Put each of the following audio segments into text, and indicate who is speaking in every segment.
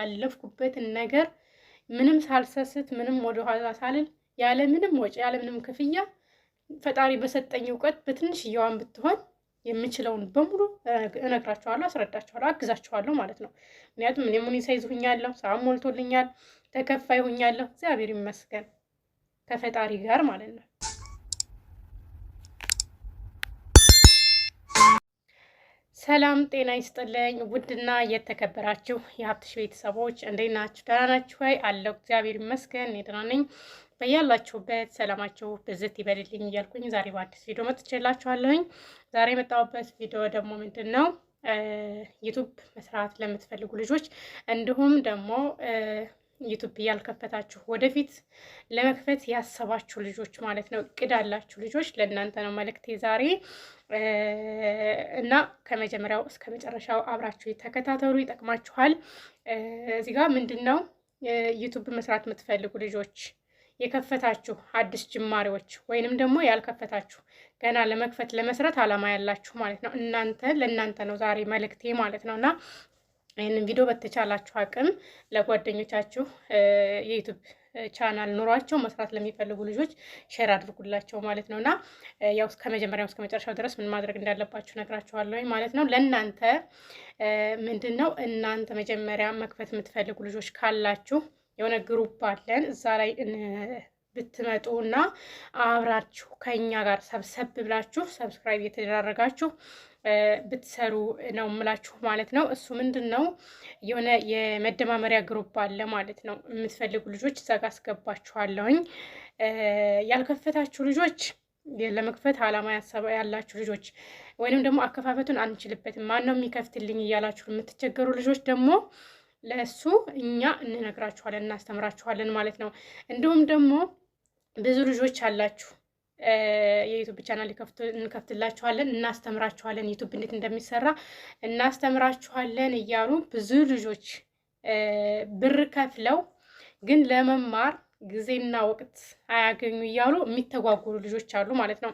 Speaker 1: ያለፍኩበትን ነገር ምንም ሳልሰስት ምንም ወደኋላ ሳልል ያለ ምንም ወጪ ያለ ምንም ክፍያ ፈጣሪ በሰጠኝ እውቀት እየዋን ብትሆን የምችለውን በሙሉ እነግራችኋለሁ፣ አስረዳችኋለሁ፣ አግዛችኋለሁ ማለት ነው። ምክንያቱም እኔ ሙኒሳይዝ ሁኛለሁ፣ ሰዓት ሞልቶልኛል፣ ተከፋይ ሁኛለሁ። እግዚአብሔር ይመስገን ከፈጣሪ ጋር ማለት ነው። ሰላም ጤና ይስጥልኝ። ውድና የተከበራችሁ የሀብትሽ ቤተሰቦች እንዴት ናችሁ? ደህና ናችሁ ወይ? አለው እግዚአብሔር ይመስገን እኔ ደህና ነኝ። በያላችሁበት ሰላማችሁ ብዝት ይበልልኝ እያልኩኝ ዛሬ በአዲስ ቪዲዮ መጥቼላችኋለሁኝ። ዛሬ የመጣሁበት ቪዲዮ ደግሞ ምንድን ነው ዩቱብ መስራት ለምትፈልጉ ልጆች እንዲሁም ደግሞ ዩቱብ እያልከፈታችሁ ወደፊት ለመክፈት ያሰባችሁ ልጆች ማለት ነው፣ እቅድ አላችሁ ልጆች ለእናንተ ነው መልእክቴ ዛሬ እና ከመጀመሪያው እስከ መጨረሻው አብራችሁ ተከታተሉ፣ ይጠቅማችኋል። እዚህ ጋር ምንድን ነው ዩቱብ መስራት የምትፈልጉ ልጆች የከፈታችሁ አዲስ ጅማሬዎች ወይንም ደግሞ ያልከፈታችሁ ገና ለመክፈት ለመስራት አላማ ያላችሁ ማለት ነው። እናንተ ለእናንተ ነው ዛሬ መልእክቴ ማለት ነው እና ይህንን ቪዲዮ በተቻላችሁ አቅም ለጓደኞቻችሁ የዩቱብ ቻናል ኑሯቸው መስራት ለሚፈልጉ ልጆች ሼር አድርጉላቸው ማለት ነው። እና ያው ከመጀመሪያው እስከ መጨረሻው ድረስ ምን ማድረግ እንዳለባችሁ ነግራችኋለሁ ማለት ነው። ለእናንተ ምንድን ነው እናንተ መጀመሪያ መክፈት የምትፈልጉ ልጆች ካላችሁ የሆነ ግሩፕ አለን እዛ ላይ ብትመጡ እና አብራችሁ ከኛ ጋር ሰብሰብ ብላችሁ ሰብስክራይብ እየተደራረጋችሁ ብትሰሩ ነው የምላችሁ ማለት ነው። እሱ ምንድን ነው የሆነ የመደማመሪያ ግሩፕ አለ ማለት ነው። የምትፈልጉ ልጆች እዛ ጋ አስገባችኋለሁኝ። ያልከፈታችሁ ልጆች ለመክፈት አላማ ያላችሁ ልጆች ወይንም ደግሞ አከፋፈቱን አንችልበትም ማን ነው የሚከፍትልኝ እያላችሁ የምትቸገሩ ልጆች ደግሞ ለእሱ እኛ እንነግራችኋለን፣ እናስተምራችኋለን ማለት ነው። እንዲሁም ደግሞ ብዙ ልጆች አላችሁ የዩቱብ ቻናል እንከፍትላችኋለን፣ እናስተምራችኋለን፣ ዩቱብ እንዴት እንደሚሰራ እናስተምራችኋለን እያሉ ብዙ ልጆች ብር ከፍለው ግን ለመማር ጊዜና ወቅት አያገኙ እያሉ የሚተጓጉሉ ልጆች አሉ ማለት ነው።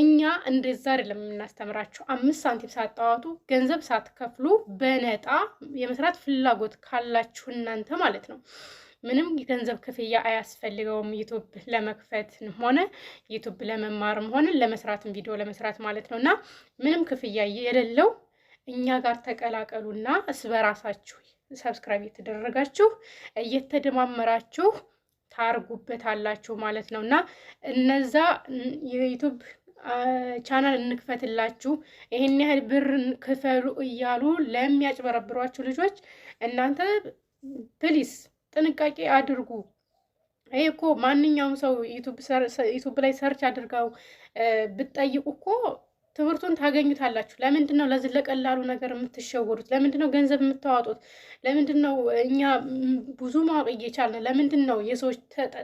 Speaker 1: እኛ እንደዛ አይደለም የምናስተምራችሁ። አምስት ሳንቲም ሳታዋጡ ገንዘብ ሳትከፍሉ በነጣ የመስራት ፍላጎት ካላችሁ እናንተ ማለት ነው ምንም የገንዘብ ክፍያ አያስፈልገውም። ዩቱብ ለመክፈትም ሆነ ዩቱብ ለመማርም ሆነ ለመስራትም ቪዲዮ ለመስራት ማለት ነው እና ምንም ክፍያ የሌለው እኛ ጋር ተቀላቀሉና እስ በራሳችሁ ሰብስክራይብ እየተደረጋችሁ እየተደማመራችሁ ታርጉበታላችሁ ማለት ነው እና እነዛ የዩቱብ ቻናል እንክፈትላችሁ ይህን ያህል ብር ክፈሉ እያሉ ለሚያጭበረብሯችሁ ልጆች እናንተ ፕሊስ ጥንቃቄ አድርጉ። ይሄ እኮ ማንኛውም ሰው ዩቱብ ላይ ሰርች አድርገው ብትጠይቁ እኮ ትምህርቱን ታገኙታላችሁ። ለምንድን ነው ለዚህ ለቀላሉ ነገር የምትሸወዱት? ለምንድን ነው ገንዘብ የምታዋጡት? ለምንድን ነው እኛ ብዙ ማወቅ እየቻልን ለምንድን ነው የሰዎች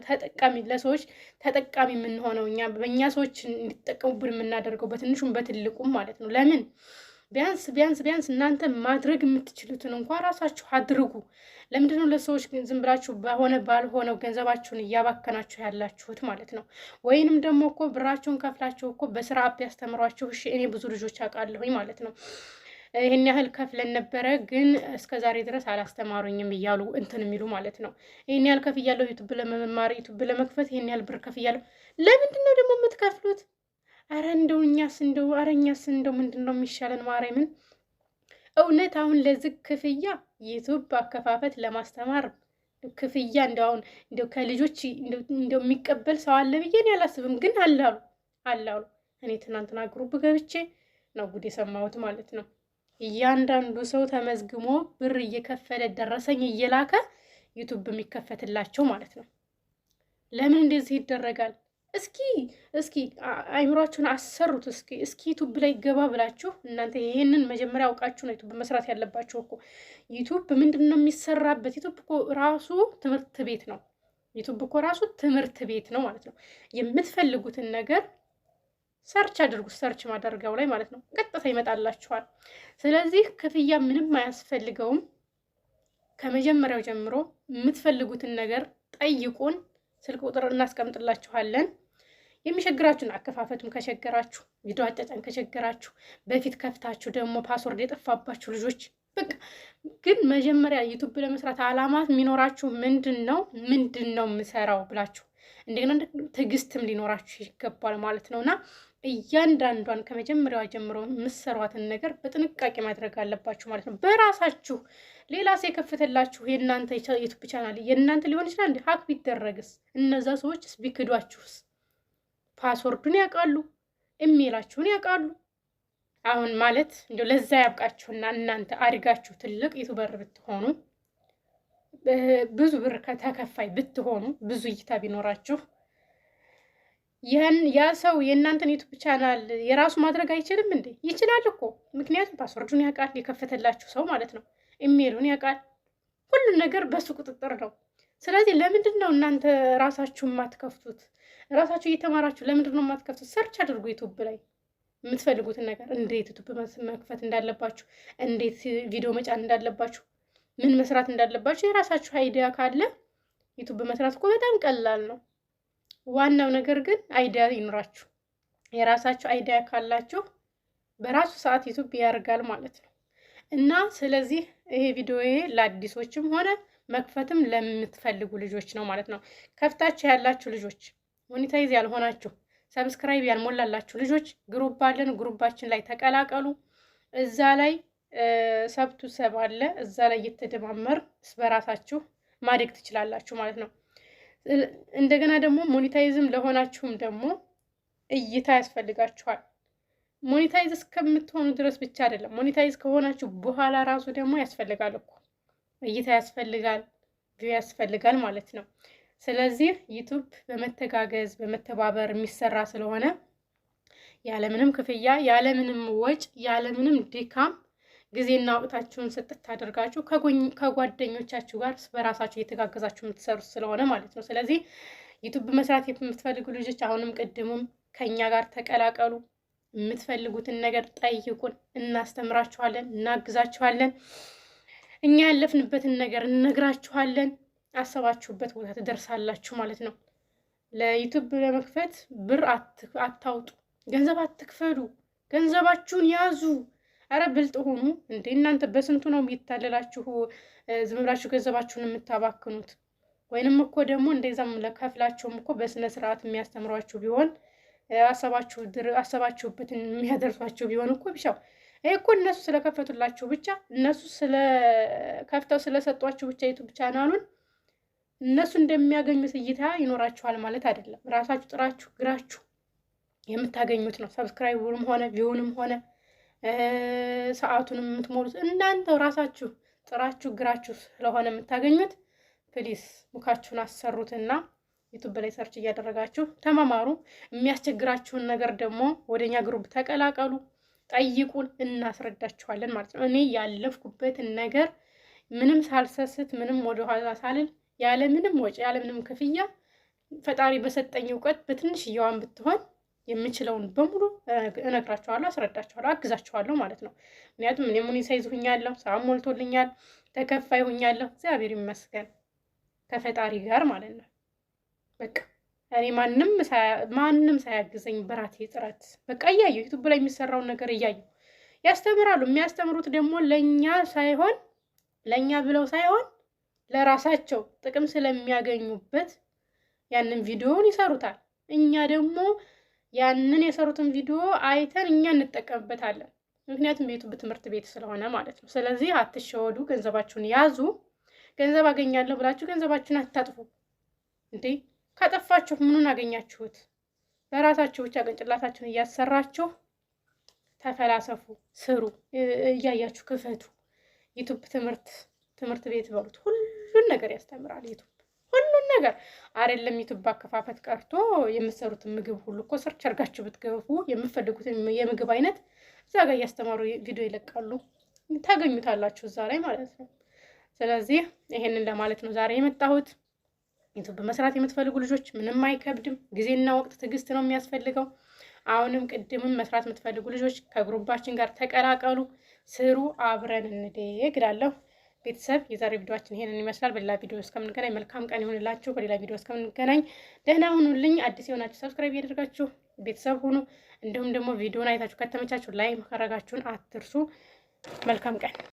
Speaker 1: ተጠቃሚ ለሰዎች ተጠቃሚ የምንሆነው? እኛ በእኛ ሰዎች እንዲጠቀሙብን የምናደርገው በትንሹም በትልቁም ማለት ነው። ለምን ቢያንስ ቢያንስ ቢያንስ እናንተ ማድረግ የምትችሉትን እንኳ ራሳችሁ አድርጉ። ለምንድነው ለሰዎች ግን ዝም ብላችሁ በሆነ ባልሆነው ገንዘባችሁን እያባከናችሁ ያላችሁት ማለት ነው? ወይንም ደግሞ እኮ ብራችሁን ከፍላችሁ እኮ በስራ ቢያስተምሯችሁ፣ እሺ እኔ ብዙ ልጆች አውቃለሁኝ ማለት ነው ይህን ያህል ከፍለን ነበረ ግን እስከ ዛሬ ድረስ አላስተማሩኝም እያሉ እንትን የሚሉ ማለት ነው። ይህን ያህል ከፍ እያለሁ ዩቱብ ለመማር ዩቱብ ለመክፈት ይህን ያህል ብር ከፍ እያለሁ ለምንድን ነው ደግሞ የምትከፍሉት? አረ እንደው እኛስ እንደው አረ እኛስ እንደው ምንድን ነው የሚሻለን? ማርያምን እውነት አሁን ለዝግ ክፍያ ዩቱብ አከፋፈት ለማስተማር ክፍያ እንደው አሁን እንደው ከልጆች እንደው የሚቀበል ሰው አለ ብዬን ያላስብም፣ ግን አላሉ አላሉ እኔ ትናንትና ግሩብ ገብቼ ነው ጉድ የሰማሁት ማለት ነው። እያንዳንዱ ሰው ተመዝግሞ ብር እየከፈለ ደረሰኝ እየላከ ዩቱብ የሚከፈትላቸው ማለት ነው። ለምን እንደዚህ ይደረጋል? እስኪ እስኪ አይምሯችሁን አሰሩት። እስኪ እስኪ ዩቱብ ላይ ገባ ብላችሁ እናንተ ይህንን መጀመሪያ አውቃችሁ ነው ዩቱብ መስራት ያለባችሁ እኮ። ዩቱብ ምንድን ነው የሚሰራበት? ዩቱብ እኮ ራሱ ትምህርት ቤት ነው። ዩቱብ እኮ ራሱ ትምህርት ቤት ነው ማለት ነው። የምትፈልጉትን ነገር ሰርች አድርጉት። ሰርች ማደርገው ላይ ማለት ነው ቀጥታ ይመጣላችኋል። ስለዚህ ክፍያ ምንም አያስፈልገውም። ከመጀመሪያው ጀምሮ የምትፈልጉትን ነገር ጠይቁን። ስልክ ቁጥር እናስቀምጥላችኋለን። የሚሸግራችሁን አከፋፈቱም ከሸገራችሁ፣ ቪዲዮ አጫጫን ከሸገራችሁ፣ በፊት ከፍታችሁ ደግሞ ፓስወርድ የጠፋባችሁ ልጆች በቃ ግን መጀመሪያ ዩቱብ ለመስራት አላማት የሚኖራችሁ ምንድን ነው ምንድን ነው የምሰራው ብላችሁ እንደገና ትዕግስትም ሊኖራችሁ ይገባል ማለት ነው እና እያንዳንዷን ከመጀመሪያዋ ጀምሮ የምሰሯትን ነገር በጥንቃቄ ማድረግ አለባችሁ ማለት ነው። በራሳችሁ ሌላ ሰው የከፈተላችሁ የእናንተ ዩቱብ ቻናል የእናንተ ሊሆን ይችላል። ሀክ ቢደረግስ? እነዛ ሰዎችስ ቢክዷችሁስ? ፓስወርዱን ያውቃሉ፣ ኢሜላችሁን ያውቃሉ። አሁን ማለት እንደው ለዛ ያብቃችሁና እናንተ አድጋችሁ ትልቅ ዩቱበር ብትሆኑ ብዙ ብር ተከፋይ ብትሆኑ ብዙ እይታ ቢኖራችሁ ይህን ያ ሰው የእናንተን ዩቱብ ቻናል የራሱ ማድረግ አይችልም እንዴ? ይችላል እኮ ምክንያቱም ፓስወርዱን ያውቃል የከፈተላችሁ ሰው ማለት ነው። ኢሜሉን ያውቃል። ሁሉን ነገር በሱ ቁጥጥር ነው። ስለዚህ ለምንድን ነው እናንተ ራሳችሁ የማትከፍቱት? ራሳችሁ እየተማራችሁ ለምንድን ነው የማትከፍቱት? ሰርች አድርጉ ዩቱብ ላይ የምትፈልጉትን ነገር እንዴት ዩቱብ መክፈት እንዳለባችሁ፣ እንዴት ቪዲዮ መጫን እንዳለባችሁ፣ ምን መስራት እንዳለባችሁ የራሳችሁ አይዲያ ካለ ዩቱብ መስራት እኮ በጣም ቀላል ነው። ዋናው ነገር ግን አይዲያ ይኑራችሁ። የራሳችሁ አይዲያ ካላችሁ በራሱ ሰዓት ዩቱብ ያደርጋል ማለት ነው። እና ስለዚህ ይሄ ቪዲዮ ለአዲሶችም ሆነ መክፈትም ለምትፈልጉ ልጆች ነው ማለት ነው። ከፍታችሁ ያላችሁ ልጆች፣ ሞኒታይዝ ያልሆናችሁ፣ ሰብስክራይብ ያልሞላላችሁ ልጆች ግሩፕ አለን። ግሩባችን ላይ ተቀላቀሉ። እዛ ላይ ሰብቱ ሰብ አለ። እዛ ላይ እየተደማመር በራሳችሁ ማደግ ትችላላችሁ ማለት ነው። እንደገና ደግሞ ሞኒታይዝም ለሆናችሁም ደግሞ እይታ ያስፈልጋችኋል። ሞኔታይዝ እስከምትሆኑ ድረስ ብቻ አይደለም። ሞኔታይዝ ከሆናችሁ በኋላ ራሱ ደግሞ ያስፈልጋል እኮ እይታ ያስፈልጋል፣ ቪው ያስፈልጋል ማለት ነው። ስለዚህ ዩቱብ በመተጋገዝ በመተባበር የሚሰራ ስለሆነ ያለምንም ክፍያ ያለምንም ወጭ ያለምንም ድካም ጊዜና ወቅታችሁን ስጥት አድርጋችሁ ከጓደኞቻችሁ ጋር በራሳችሁ እየተጋገዛችሁ የምትሰሩት ስለሆነ ማለት ነው። ስለዚህ ዩቱብ መስራት የምትፈልጉ ልጆች አሁንም ቅድሙም ከእኛ ጋር ተቀላቀሉ። የምትፈልጉትን ነገር ጠይቁን፣ እናስተምራችኋለን፣ እናግዛችኋለን። እኛ ያለፍንበትን ነገር እነግራችኋለን። አሰባችሁበት ቦታ ትደርሳላችሁ ማለት ነው። ለዩቱብ ለመክፈት ብር አታውጡ፣ ገንዘብ አትክፈሉ፣ ገንዘባችሁን ያዙ። አረ ብልጥ ሆኑ እንዴ! እናንተ በስንቱ ነው የሚታለላችሁ? ዝም ብላችሁ ገንዘባችሁን የምታባክኑት? ወይንም እኮ ደግሞ እንደዛም ለከፍላቸውም እኮ በስነ ስርዓት የሚያስተምሯችሁ ቢሆን አሰባችሁበትን የሚያደርሷችሁ ቢሆን እኮ ብቻው ይሄ እኮ እነሱ ስለከፈቱላችሁ ብቻ እነሱ ከፍተው ስለሰጧችሁ ብቻ ዩቱብ ቻናሉን እነሱ እንደሚያገኙት እይታ ይኖራችኋል ማለት አይደለም። ራሳችሁ ጥራችሁ ግራችሁ የምታገኙት ነው። ሰብስክራይቡንም ሆነ ቪውንም ሆነ ሰዓቱንም የምትሞሉት እናንተው ራሳችሁ ጥራችሁ ግራችሁ ስለሆነ የምታገኙት ፕሊስ ሙካችሁን አሰሩትና ዩቱብ ላይ ሰርች እያደረጋችሁ ተመማሩ። የሚያስቸግራችሁን ነገር ደግሞ ወደኛ ግሩብ ተቀላቀሉ፣ ጠይቁን፣ እናስረዳችኋለን ማለት ነው። እኔ ያለፍኩበትን ነገር ምንም ሳልሰስት ምንም ወደኋላ ሳልል ያለ ምንም ወጪ ያለ ምንም ክፍያ ፈጣሪ በሰጠኝ እውቀት እየዋን ብትሆን የምችለውን በሙሉ እነግራችኋለሁ፣ አስረዳችኋለሁ፣ አግዛችኋለሁ ማለት ነው። ምክንያቱም እኔ ሳይዝ ሁኛለሁ፣ ሰዓት ሞልቶልኛል፣ ተከፋይ ሁኛለሁ። እግዚአብሔር ይመስገን ከፈጣሪ ጋር ማለት ነው። በቃ እኔ ማንም ማንም ሳያግዘኝ በራሴ ጥረት በቃ እያየሁ ዩቱብ ላይ የሚሰራውን ነገር እያየሁ ያስተምራሉ። የሚያስተምሩት ደግሞ ለእኛ ሳይሆን ለእኛ ብለው ሳይሆን ለራሳቸው ጥቅም ስለሚያገኙበት ያንን ቪዲዮውን ይሰሩታል። እኛ ደግሞ ያንን የሰሩትን ቪዲዮ አይተን እኛ እንጠቀምበታለን። ምክንያቱም የዩቱብ ትምህርት ቤት ስለሆነ ማለት ነው። ስለዚህ አትሸወዱ፣ ገንዘባችሁን ያዙ። ገንዘብ አገኛለሁ ብላችሁ ገንዘባችሁን አታጥፉ እንዴ ከጠፋችሁ ምኑን አገኛችሁት? በራሳችሁ ብቻ ቅንጭላታችሁን እያሰራችሁ ተፈላሰፉ፣ ስሩ፣ እያያችሁ ክፈቱ። ዩቱብ ትምህርት ትምህርት ቤት በሉት ሁሉን ነገር ያስተምራል ዩቱብ ሁሉን ነገር አይደለም። ዩቱብ አከፋፈት ቀርቶ የምትሰሩትን ምግብ ሁሉ እኮ ሰርች አድርጋችሁ ብትገቡ የምትፈልጉትን የምግብ አይነት እዛ ጋር እያስተማሩ ቪዲዮ ይለቃሉ፣ ታገኙታላችሁ እዛ ላይ ማለት ነው። ስለዚህ ይሄንን ለማለት ነው ዛሬ የመጣሁት። ዩቱብ መስራት የምትፈልጉ ልጆች ምንም አይከብድም። ጊዜና ወቅት ትዕግስት ነው የሚያስፈልገው። አሁንም ቅድምም መስራት የምትፈልጉ ልጆች ከግሩባችን ጋር ተቀላቀሉ፣ ስሩ፣ አብረን እንደግ እላለሁ። ቤተሰብ የዛሬ ቪዲዮችን ይሄንን ይመስላል። በሌላ ቪዲዮ እስከምንገናኝ መልካም ቀን ይሁንላችሁ። በሌላ ቪዲዮ እስከምንገናኝ ደህና ሁኑልኝ። አዲስ የሆናችሁ ሰብስክራይብ ያደርጋችሁ ቤተሰብ ሁኑ። እንዲሁም ደግሞ ቪዲዮን አይታችሁ ከተመቻችሁ ላይ ማድረጋችሁን አትርሱ። መልካም ቀን